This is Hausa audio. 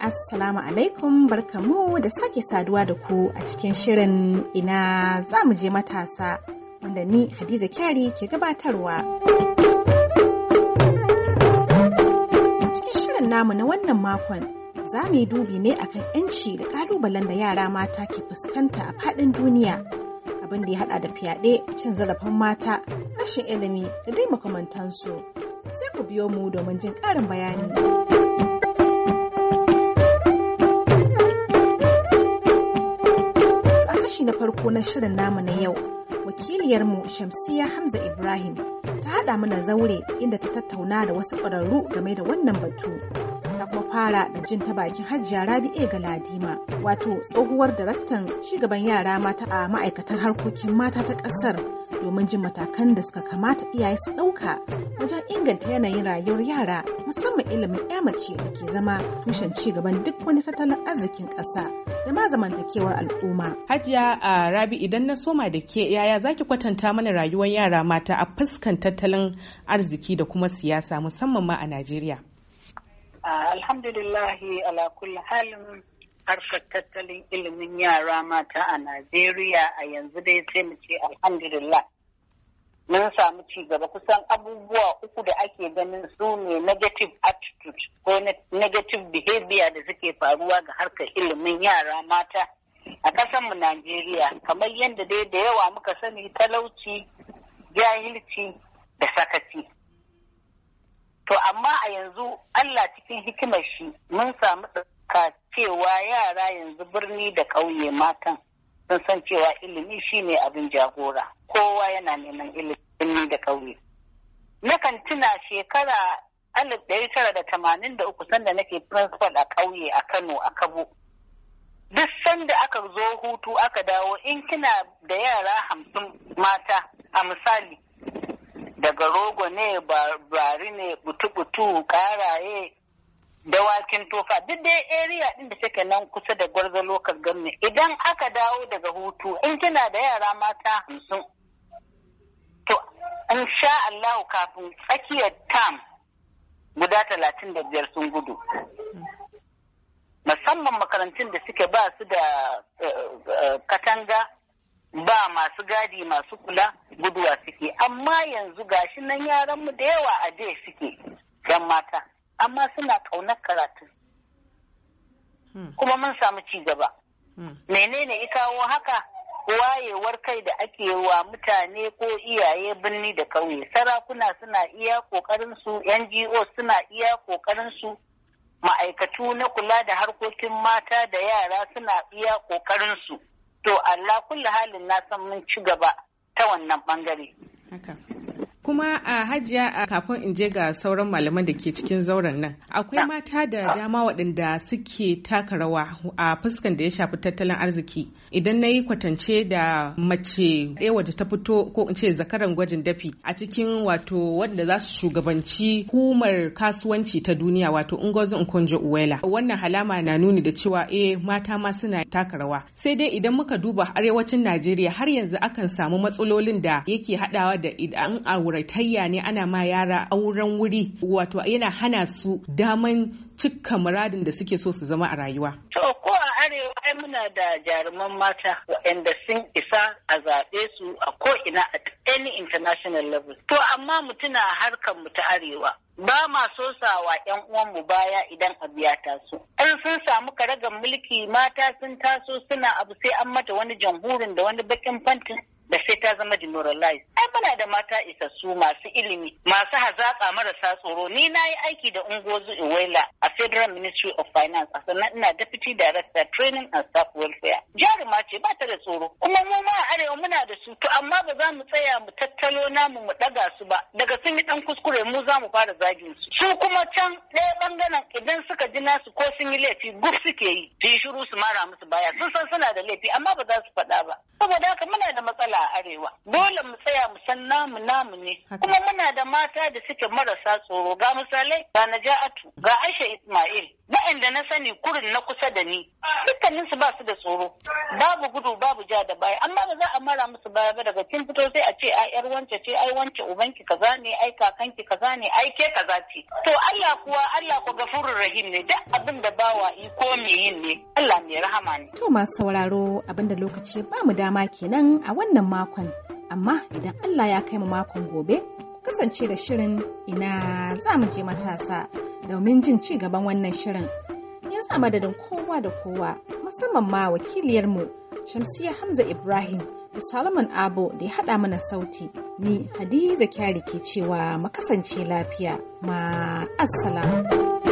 Assalamu alaikum barkamu da sake saduwa da ku a cikin shirin ina za mu je matasa wanda ni Hadiza Kyari ke gabatarwa. A cikin shirin namu na wannan makon za mu yi dubi ne akan 'yanci da kalubalen da yara mata ke fuskanta a fadin duniya abin da ya haɗa da fyaɗe cin zarafin mata rashin ilimi da dai makamantansu sai ku biyo mu domin jin ƙarin bayani. na farko na shirin namu na yau wakiliyarmu shamsiya hamza ibrahim ta haɗa mana zaure inda ta tattauna da wasu ƙwararru game da wannan batu ta kuma fara da jin ta bakin hajjiya rabi'e ga ladima wato tsohuwar daraktan cigaban yara mata a ma'aikatar harkokin mata ta ƙasar domin jin matakan da suka kamata iyaye su ɗauka wajen inganta yanayin rayuwar yara musamman ilimin ya mace da ke zama tushen ci gaban duk wani tattalin arzikin ƙasa da ma zamantakewar al'umma. Hajiya a Rabi idan na soma da ke yaya zaki kwatanta mana rayuwar yara mata a fuskan tattalin arziki da kuma siyasa musamman ma a Najeriya. Alhamdulillahi ala kulli halin harkar tattalin ilimin yara mata a Najeriya a yanzu dai sai mu ce alhamdulillah. Mun samu ci gaba kusan abubuwa uku da ake ganin su ne negative attitude ko negative behavior da suke faruwa ga harkar ilimin yara mata a ƙasarmu Najeriya kamar yadda dai da yawa muka sani talauci, jahilci da sakaci. To amma a yanzu Allah cikin hikimar shi mun samu cewa yara yanzu birni da ƙauye matan sun san cewa ilimi shine abin jagora kowa yana neman ilimi da ƙauye nakan tuna shekara alif ɗari tara da tamanin da uku sanda nake principal a ƙauye a kano a kabo duk sanda aka zo hutu aka dawo in kina da yara hamsin mata a misali daga rogo ne bari ne butu-butu ƙaraye Da dawakin tofa duk dai area din da take nan kusa da gwarza lokal gamne idan aka dawo daga hutu in kina da yara mata hamsin to in sha Allah kafin tsakiyar tam guda talatin da biyar sun gudu musamman makarantun da suke ba su da eh, eh, katanga ba masu gadi masu kula guduwa suke amma yanzu gashi nan yaran mu da yawa a suke yan mata amma suna kaunar karatu hmm. kuma mun samu ci gaba hmm. menene ya kawo haka wayewar kai da ake wa mutane ko iyaye birni da kauye sarakuna suna iya kokarin su ngo suna iya kokarin su ma'aikatu na kula da harkokin mata da yara suna iya kokarin su to allah kulli halin na san mun ci gaba ta wannan bangare Kuma a hajiya a kafin in je ga sauran malaman da ke cikin zauren nan. Akwai mata da dama waɗanda suke taka rawa a fuskan da ya shafi tattalin arziki. Idan na yi kwatance da mace ɗaya wadda ta fito ko in ce zakaran gwajin dafi a cikin wato wadda za su shugabanci hukumar kasuwanci ta duniya wato Ngozi Nkonjo Uwela. Wannan halama na nuni da cewa eh mata ma suna taka rawa. Sai dai idan muka duba arewacin Najeriya har yanzu akan samu matsalolin da yake haɗawa da idan a auratayya ne ana ma yara auren wuri wato yana hana su daman cika muradin da suke so su zama a rayuwa. To ko a arewa ai muna da jaruman mata waɗanda sun isa a zaɓe su a ko ina a any international level. To amma mutuna harkar mu ta arewa ba ma so sawa yan uwanmu baya idan abu ya taso. In sun samu karagar mulki mata sun taso suna abu sai an mata wani jamhurin da wani bakin fantin da sai ta zama demoralized. Ai muna da mata isassu masu ilimi, masu hazaƙa marasa tsoro. Ni na yi aiki da Ungozu Iwela a Federal Ministry of Finance a sannan ina Deputy Director Training and Staff Welfare. Jaruma ce ba ta da tsoro. Kuma mu ma a arewa muna da su to amma ba za mu tsaya mu tattalo namu mu ɗaga su ba. Daga sun yi ɗan kuskure mu za mu fara zagin su. Su kuma can ɗaya ɓangaren idan suka ji nasu ko sun yi laifi guf suke yi. Su yi shiru su mara musu baya. Sun san suna da laifi amma ba za su faɗa ba. Saboda haka muna da matsala. a arewa. Dole mu tsaya mu san namu namu ne. Kuma muna da mata da suke marasa tsoro ga misalai ga Naja'atu ga Aisha Ismail waɗanda na sani kurin na kusa da ni dukkanin su ba su da tsoro babu gudu babu ja da baya amma ba za a mara musu baya ba daga kin fito sai a ce ai yar wance ce ai wance ubanki kaza ne ai kakanki kaza ne ai ke kaza ce to Allah kuwa Allah ku gafurur rahim ne duk abin da bawa yi ko me yin ne Allah mai rahama ne to masu sauraro abinda lokaci ba mu dama kenan a wannan wannan makon, amma idan Allah ya kai mu makon gobe, kasance da shirin ina za mu je matasa domin jin ci gaban wannan shirin. Yanzu a madadin kowa da kowa, musamman ma wakiliyarmu Shamsiya Hamza Ibrahim da Salomon Abo da ya haɗa mana sauti, ni Hadiza Kyari ke cewa kasance lafiya, ma assalamu.